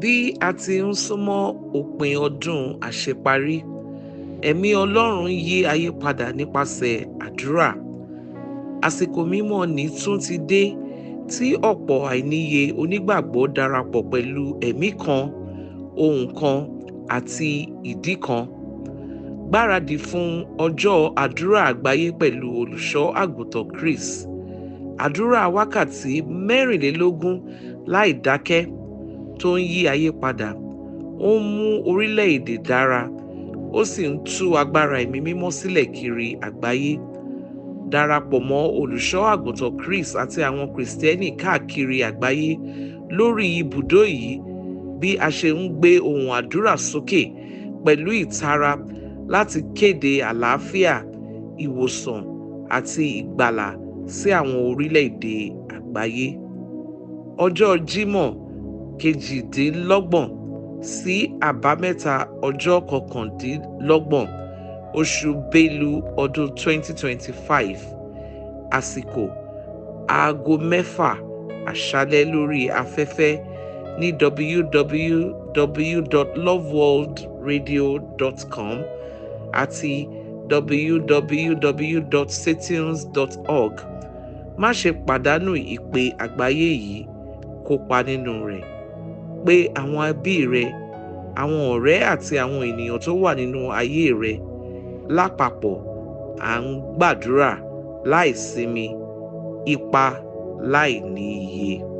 bí a ti ń súnmọ́ òpin ọdún àṣeparí ẹ̀mí ọlọ́run yí ayé padà nípasẹ̀ àdúrà àsìkò mímọ́ ní tún ti dé tí ọ̀pọ̀ àìníye onígbàgbọ́ darapọ̀ pẹ̀lú ẹ̀mí kan ohun kan àti ìdí kan gbáradì fún ọjọ́ àdúrà àgbáyé pẹ̀lú olùṣọ́ àgùntàn Chris àdúrà wákàtí mẹ́rìnlélógún láì dákẹ́ tó ń yí ayé padà ó ń mú orílẹ̀-èdè dára ó sì ń tú agbára ẹ̀mí mímọ́ sílẹ̀ kiri àgbáyé darapọ̀ mọ́ olùṣọ́ àgùntàn Chris àti àwọn Kristẹni káàkiri àgbáyé lórí ibùdó yìí bí a ṣe ń gbé ohùn àdúrà sókè pẹ̀lú ìtara láti kéde àlàáfíà ìwòsàn àti ìgbàlà sí àwọn orílẹ̀-èdè àgbáyé ọjọ́ Jímọ̀ kejìdínlọ́gbọ̀n sí àbámẹ́ta ọjọ́ kọkàndínlọ́gbọ̀n oṣù bélú ọdún 2025 àsìkò aago mẹ́fà àṣálẹ́ lórí afẹ́fẹ́ ní www.loveworldradio.com àti www.settings.org má ṣe pàdánù ìpè àgbáyé yìí kópa nínú rẹ̀ pé àwọn ẹbí rẹ àwọn ọ̀rẹ́ àti àwọn ènìyàn tó wà nínú ayé rẹ lápapọ̀ à ń gbàdúrà láìsinmi ipa láì ní iye.